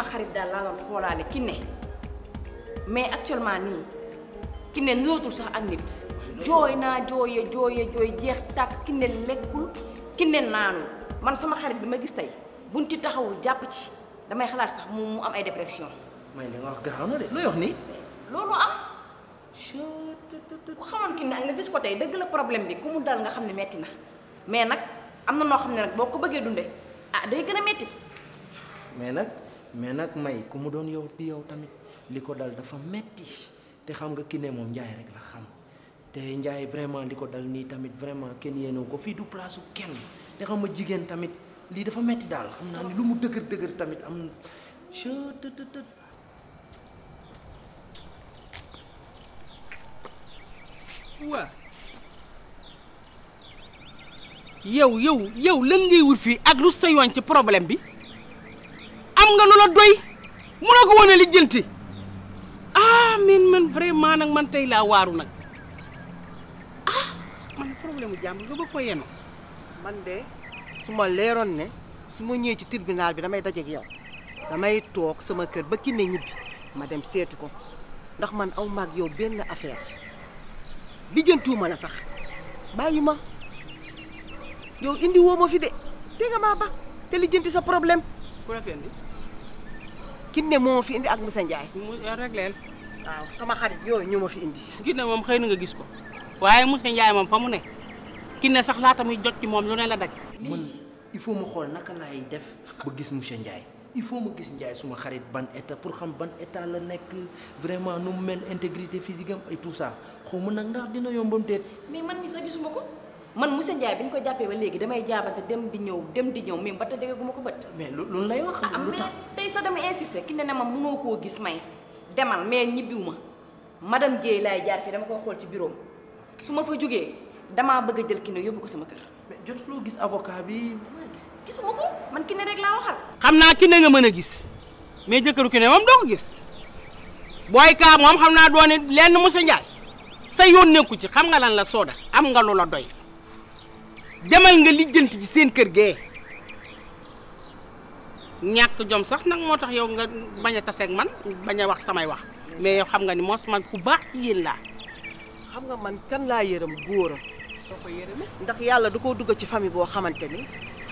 sama xarit la lon xolale ki ne mais actuellement ki ne nurootul sax ak nit joy na jooye jooye joy jeex ne lekul ki ne naanu man sama xarit bima gis tay buñ ci taxawul japp ci damay xalat sax mu am ay dépression may li nga wax graw na de looy wax ni lolu am ku ki Kiné nga gis ko tay deug la problème bi kumu dal nga xamne metti na mais nak amna no xamne nak boko beugé dundé dunde ah day gëna metti mais nak mais may ku mu doon yow di yow tamit liko dal dafa metti te xam nga kiné mom njaay rek la xam te njaay vraiment liko dal ni tamit vraiment ken yeno ko fi du placeu ken te xam ma jigen tamit li dafa metti dal, xam lu mu deuguer deuguer tamit am chëtëtëtët waa yow yow yow lan ngay wut fi ak lu sa yoon ci problème bi xam nga lu la doy mu la ko wane lijjanti ah man man vraiment nak man tay la waru nak ah man problème jam nga bëgg ko man dé suma léron né ne ñëw ci tribunal bi damay ak yow damay tok sama kër ba ki né ñib ma dem sétu ko ndax man aw maag yow benn affaire lijjantuuma la sax bàyyi ma yow indi wo mo fi dé té nga ma ba li jënti sa problème ko la fi Kiné moo fi indi ak sa Ndiaye. mu rek leen. waaw sama xarit yooyu ñoo ma fi indi. Kiné moom xëy na nga gis ko waaye Moussa Ndiaye moom fa mu ne Kiné sax laata muy jot ci moom lu ne la daj. man il faut ma xool naka laay def ba gis Moussa Ndiaye. il faut ma gis Ndiaye suma xarit ban état pour xam ban état la nekk vraiment nu mu mel intégrité physique am et tout ça xaw ma nag ndax dina yombam déet. mais man mi sax gisuma ko. man Moussa Ndiaye bi ñu ko jàppee ba léegi damay jaabante dem di ñëw dem di ñëw même ba te dégg gu ma ko bët. mais lu lu lay wax. Ah, lu tax tey sa dama insister ki ne ne ma mënoo koo gis may demal mais ñibbiwuma madame Guèye laay jaar fii dama koy xool ci bureau su ma fa jógee damaa bëgg a jël ki ne yóbbu ko sama kër. mais gis avocat bi. ki ne rek xam naa ki ne nga mën a gis mais jëkkëru ki ne moom doo ko gis booy kaa moom xam naa doone lenn Moussa Ndiaye sa yoon nekku ci xam nga lan la sooda am nga lu la doy. demal nga lijjanti ci seen kër ge ñak jom sax nak motax yow nga baña a ak man baña wax samay wax mais yow xam nga ni mos man ku baax ci yéen laa xam nga man kan la yeeram goor soo ko yërëme ndax yalla da dugg ci fami bo xamanteni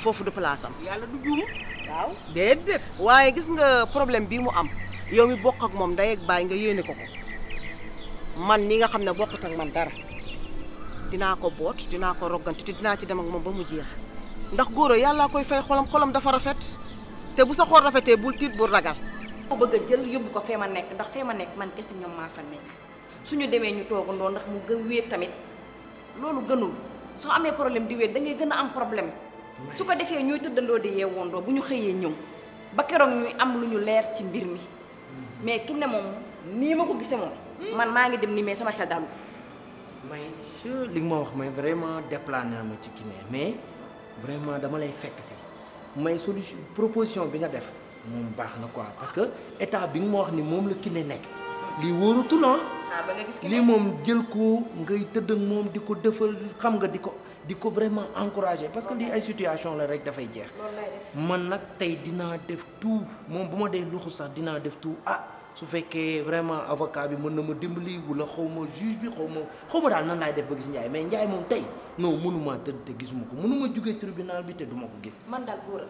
fofu du place am yalla du juum waw déedéet waye gis nga problème bi mu am yow mi bok ak mom day ak bay nga yene ko ko man ni nga xamne bokut ak man dara dinaa ko boot dinaa ko rogganti te dinaa ci dem ak moom ba mu jeex ndax góor yàllaa koy fay xolam xolam dafa rafet te bu sa xol rafetee bul tiit bul ragal. ko bëgg a jël yóbbu ko fee ma nekk ndax fee ma nekk man kese ñoom maa fa nekk ñu demee ñu toogandoo ndax mu gën wéet tamit loolu gënul soo amee problème di wéet da gën a am problème su ko defee ñuy tëddandoo di doo bu ñu xëyee ñëw ba keroog ñuy am lu ñu leer ci mbir mi mais ki ne moom nii ma ko gisee man maa ngi dem nii mais sama xel daal. may li nga ma wax may vraiment déplané ma ci Guinée mais vraiment dama lay fekk si may solution proposition bi nga def moom baax na quoi parce que état bi nga ma wax ni moom la Guinée nekk lii wóorutul ah. ah ba nga gis lii moom jël ko ngay tëdd ak moom di ko defal xam nga di ko vraiment encourager parce que lii ay situation la rek dafay jeex. man nag tey dinaa def tout moom bu ma luxu sax dinaa def tout ah su fekke vraiment avocat bi mën na ma dimbali wala xawma juge bi xawma xawma dal nan lay def ba gis Ndiaye mais Ndiaye mom tay non te tribunal bi te duma ko gis. man dal goor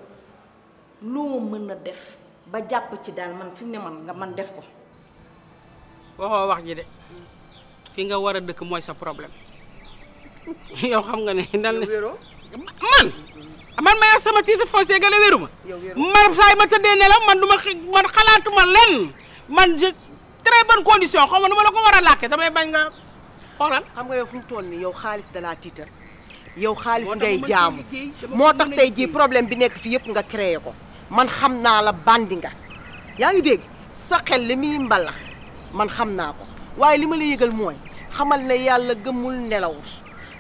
lu mën def ba japp ci dal man fi ne man nga man def ko. waxo wax ji de fi nga wara dekk moy sa problème yow xam nga ne dal man. man maya sama titre foncier gën a man say ma tëddee ne la man duma man xalaatuma lenn. man je très bonne condition xaw ma nu ma la ko war a làkkee damay bañ nga xoolal. xam nga yow fu ñu toll nii yow xaalis dalaa tiital yow xaalis ngay jaamu moo tax tey jii problème bi nekk fii yëpp nga créé ko man xam naa la bandi nga yaa ngi dégg sa xel li muy mbalax man xam naa ko waaye li ma la yégal mooy xamal ne yàlla gëmul nelaw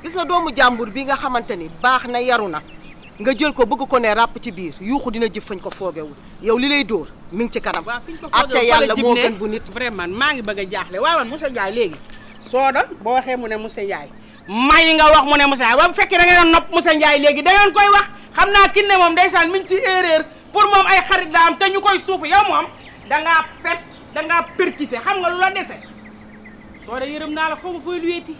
gis nga doomu jàmbur bi nga xamante ni baax na yaru na nga jël ko bëgg ko ne ràpp ci biir yuuxu dina jib fañ ko foogewul yow li lay dóor mi ngi ci kanam atte yàlla moo gën bu nit vraiment maa ngi bëgg a jaaxle waaw monsieur Ndiaye léegi sooda boo waxee mu ne monsieur Ndiaye may nga wax mu ne monsieur Ndiaye ba bu fekkee da ngeen nopp monsieur Ndiaye léegi da ngeen koy wax xam naa kin ne moom ndeysaan mi ngi ci erreur pour moom ay xarit laa am te ñu koy suufu yow moom dangaa fet dangaa percuté xam nga lu la dese sooda yërëm naa la foofu fooy luweeti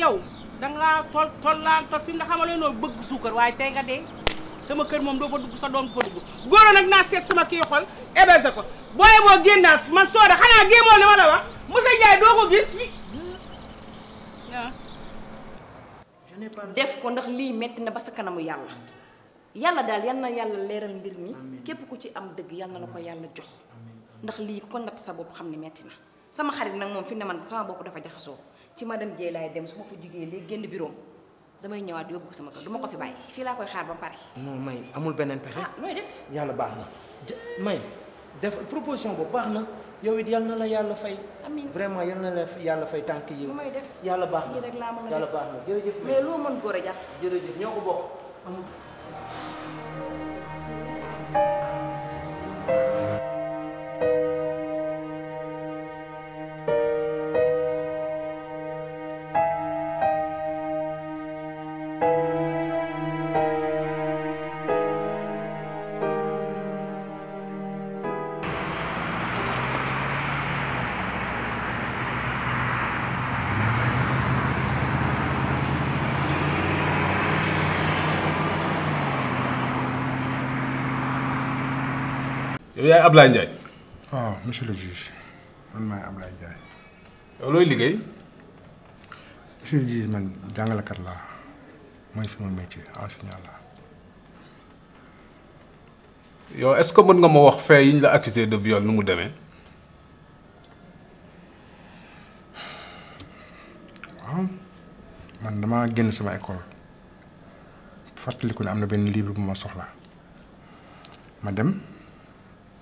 yow dangaa tol tollaanto fi nga xamale noo bëgg suukar waaye tey nga dee sama kër moom doo fa dugg sa doom du fa dugg góoro nag naa seet sama kii xol héberge ko booye boo génn daal man sooda xanaa géemoo li ma doo ko gis ah. def ko ndax lii metti na ba sa kanamu yàlla yàlla daal yal na yàlla leeral mbir mi képp ku ci am dëgg yal ko yàlla jox ndax lii ko natt sa bopp xam ne metti na sama xarit nag moom fi ne man sama bopp dafa jaxasoo ci madame Dieye laay dem su ma fa jugee léegi génn bureau damay ñëwaat yóbbu ko sama kër du ma ko fi bàyyi fii laa koy xaar ba pare. moo may amul beneen pexe. ah nooy def. yàlla baax na may def proposition boobu baax na yow it yal na la yàlla fay. amiin vraiment yal na la yàlla fay tànk yi. may def yàlla baax na yàlla baax na jërëjëf. mais loo man góor a jàpp si. jërëjëf ñoo ko bokk Ya, yaay Ablaye Ndiaye. waaw ah, monsieur le juge man maay Ablaye Ndiaye. yow looy liggéey. monsieur le juge man jàngalekat laa mooy sama métier enseignant laa. yow est-ce que mën nga ma wax la de viol nu mu demee. waaw ah, man damaa génn sama école fàttaliku ne am na benn livre bu ma soxla ma dem.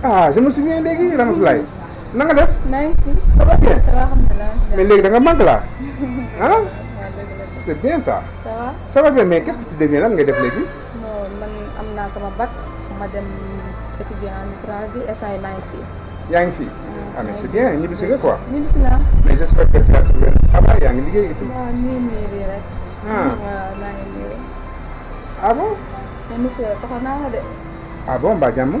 ah kan, je me souviens léegi Ramatoulaye na nga def. maa ngi fi bien. ça mais da nga la ah. c'est bien ça. ça va ça va bien mais qu'est-ce que tu deviens lan def non man sama bac ma dem étudier en étranger essai maa ngi ah mais c'est bien ñibbisi nga quoi. ñibbisi naa. mais j'espère que tu as trouvé un travail rek. ah ah bon. mais monsieur soxla de. ah bon mbaa jàmm.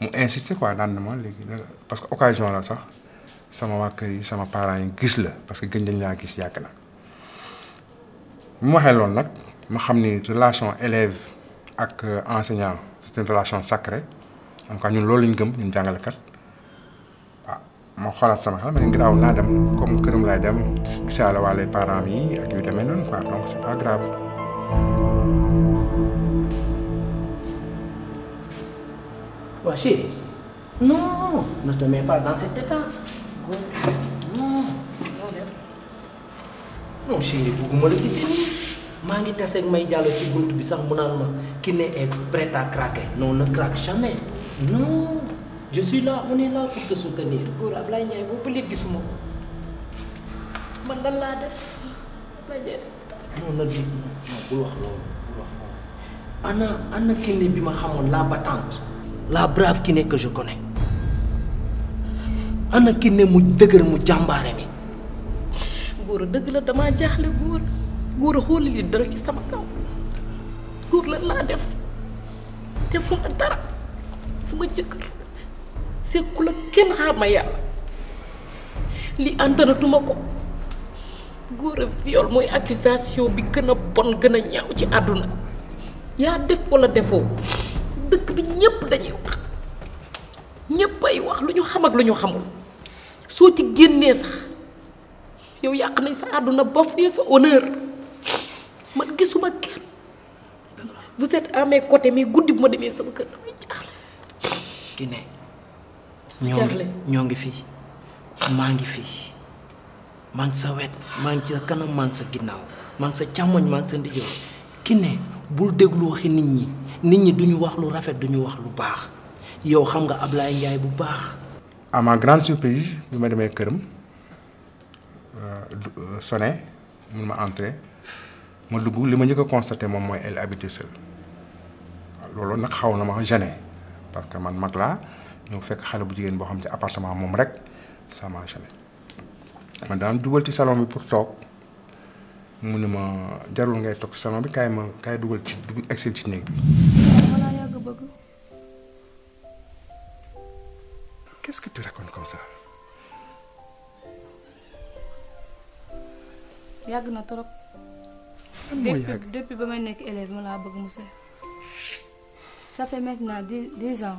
mu insisté quoi naan na ma léegi parce que occasion la ça sama waa kër yi sama parents yi la parce que gën dañ la gis yàgg na mu waxee loolu nag ma xam relation élève ak euh, enseignant c'est une relation sacrée donc tout cas ñun loolu lañ gëm ñun jàngalekat ah ma xoolaat sama xel ma ne grave naa dem comme këram laay dem gisaale waa les parents yi ak yu demee noonu quoi donc c'est pas grave. Quoi, chérie Non, ne te mets pas dans cet état. Non. Non, chérie, bëgguma la gis ngi taseeg ma à craquer non ne craque jamais non je suis là on def Ablaye Ndiaye def. bul wax loolu bul wax loolu ana ana kinne bi ma xamoon la battante. la brave nekk que je connais ana Kiné mu dëgër mu jàmbaare mi. góor dëgg la damaa jaaxle góor góor a xoolal li dara ci sama kaw góor la laa def defuma dara sama jëkkër sekku la kenn xaama yàlla li antanatuma ko góor a viol mooy accusation bi gën a bon gën a ñaaw ci àdduna yaa def wala defoo. dëkk bi ñëpp dañuy wax ñëpp ay wax lu ñu xam ak lu ñu xamul soo ci génnee sax yow yàq nañ sa àdduna ba fee sa honneur man gisuma kenn vous êtes à mes guddi bu ma demee sama kër damay jaaxle. Kiné ñoo ngi ñoo ngi fii maa ngi fii maa ngi sa wet maa ngi sa kanam maa sa ginnaaw maa ngi sa càmmoñ maa ngi sa ndijoor Kiné bul déglu waxi nit ñi. nit ñi duñu wax lu rafet duñu wax lu baax yow xam nga Ablaye Ndiaye bu baax. à ma grande surprise bi ma demee këram euh, euh, sonné mun ma entrer ma dugg li ma njëkk a moom mooy elle habitait loolu nag xaw na ma gêné parce que man mag laa ñëw fekk xale bu jigéen boo xam ci appartement moom rek ça m'a gêné ma ci salon bi pour toog. mune ma jarul ngay tok sama bi kay ma kay dugal ci dugul excel ci neeg bi qu'est-ce que tu racontes comme ça yag na torop depuis depuis ba may nek élève ma la bëgg musse ça fait maintenant 10 ans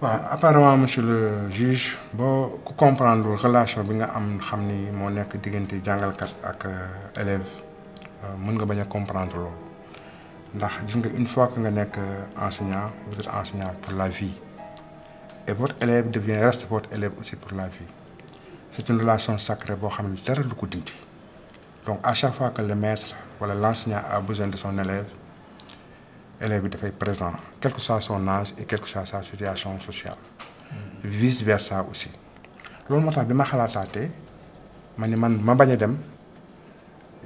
apparemment monsieur le juge pour comprendre la relation que nga am avec l'élève, vous comprendre une fois que vous euh, êtes enseignant vous êtes enseignant pour la vie et votre élève devient reste votre élève aussi pour la vie c'est une relation sacrée pour le donc à chaque fois que le maître ou l'enseignant a besoin de son élève élève bi dafay présent quel que soit son âge et quelque que soit sa situation sociale vice versa aussi loolu moo tax bi ma xalaataatee ma man ma bañ dem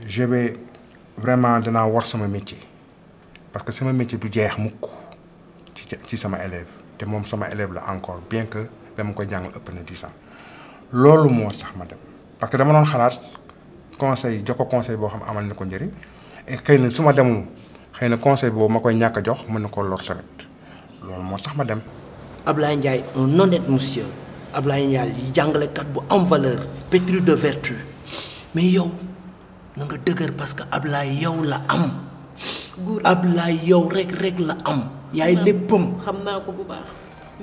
je vais vraiment danaa war sama métier parce que sama métier du jeex mukk ci ci sama élève te moom sama élève la encore bien que dama ko jàngal ëpp na dix ans loolu moo tax ma dem parce que dama doon xalaat conseil jox ko conseil boo xam amal na ko njëriñ et xëy na su ma xëy na conseil boobu ma koy ñàkk a jox mën na koo lor tamit loolu moo tax ma dem. Ablaye Ndiaye un honnête monsieur Ablaye Ndiaye yi jàngalekat bu am valeur pétri de vertu mais yow na nga dëgër parce que Ablaye yow la am. góor Ablaye yow rek rek la am. yaay léppam xam naa ko bu baax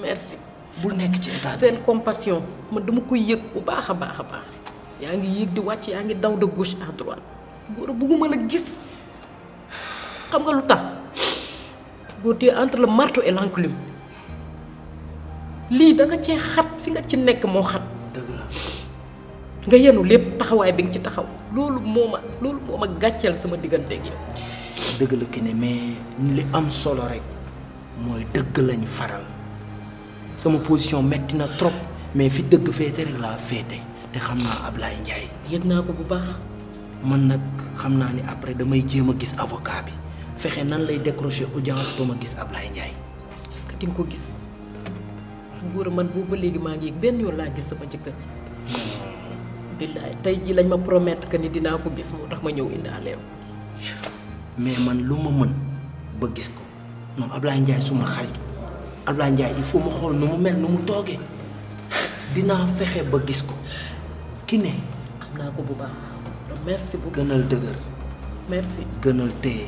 merci. bul nekk ci état seen compassion man dama koy yëg bu baax a baax a baax yaa ngi yëg di wàcc yaa ngi daw de gauche à droite góor la gis. xam nga kan lu tax boo dee entre le marteau et l'enclume li da nga ci xat fi nga ci nek mo xat. deug la nga iya, yenu lepp taxaway bi nga ci taxaw lolu moma lolu moma gatchal sama digante sama iya. yow. deug la ki ne mais li am solo rek moy deug lañ faral sama position metti na trop mais fi deug fété rek la fété té xamna ablay ndjay yegna ko bu baax. man nak xamna ni après damay jema gis avocat bi fexé nan lay décrocher audience pour ma gis ablay ñay est-ce que di ko gis nguur man bu ba légui ma ngi ben yoon la gis sama jëkkër. billahi tay ji lañ ma promettre que ni dina ko gis mo tax ma ñëw indaale mais man lu ma mën ba gis ko non ablay ñay suma xarit ablay ñay il faut mu xol nu mu mel nu mu toogee dinaa fexe ba gis ko ki ne. amna ko bu ba merci beaucoup gënal deugër merci gënal téye.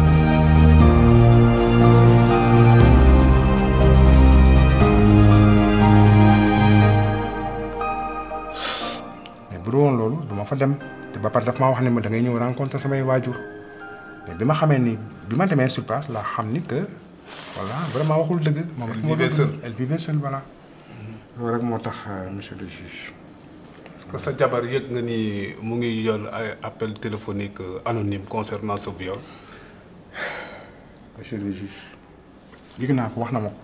bu woon loolu duma fa dem te ba pare daf maa wax ne ma da ñëw rencontre samay waajur mais bi xamee ni bi ma demee sur place laa xam ni que voilà vraiment waxul dëgg. moom rek moo doon elle vivait mm-hmm. moo tax euh, monsieur le juge. parce que sa jabar yëg nga ni mu ngi yor ay appel téléphonique euh, anonyme concernant ce viol. monsieur le juge yëg naa ko wax na ma ko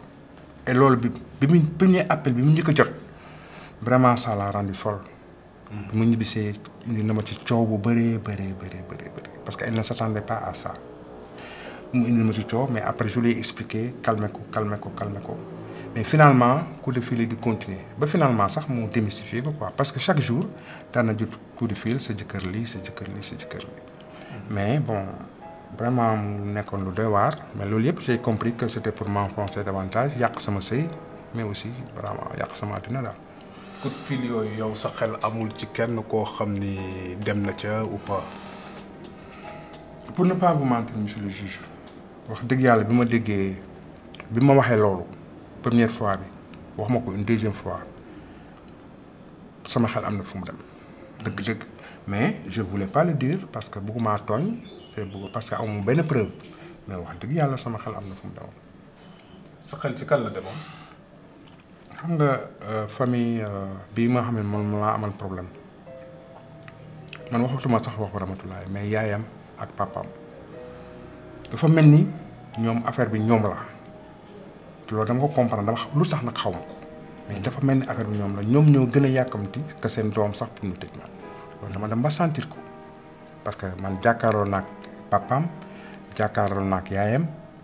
et loolu bi bi muy premier appel bi mu njëkk a jot vraiment ça l'a rendu folle. bi ma suis indi na ma ci coow bu parce qu'elle ne s'attendait pas à ça mu indi ma ci coow mais après je lui ai expliqué calmez ko calmez ko calmez ko mais finalement Le coup de fil est continué..! Mais finalement ça m'a démystifié quoi parce que chaque jour tu as un coup de fil c'est du lii c'est du C'est c'est du lii mmh. mais bon vraiment je nekkoon lu doy mais loolu lieu, j'ai compris que c'était pour m'enfoncer davantage ça sama sëy mais aussi vraiment yàq sama ma daal coup de fil yooyu yow sa xel amul ci kenn ko xamni dem na ca ou pas. pour ne pas vous mentir monsieur le juge wax deug yalla bima ma bima waxé lolu première fois bi wax ma une deuxième fois sama xel amna na fu mu dem deug deug mais je voulais pas le dire parce que ma togn te bëgg parce que amu ben preuve mais wax deug yalla sama xel amna na fu mu demoon. sa xel ci kan la demoon. xam nga eh, famille eh, bi ma xam ne moom laa amal problème man waxatuma sax wax rahmatulaay mais yaayam ak papam dafa mel ni ñoom affaire bi ñoom la te loolu dama ko comprendre dama xam lu tax nag xaw ko mais dafa mel ni affaire bi ñoom la ñoom ñoo gën a yàkkamti que seen doom sax pour ñu tëj ma loolu dama dem ba sentir ko parce que man jàkkaarloo naag papam jàkkaarloo naag yaayam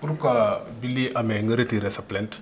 pour bi lii amee nga retirer sa plainte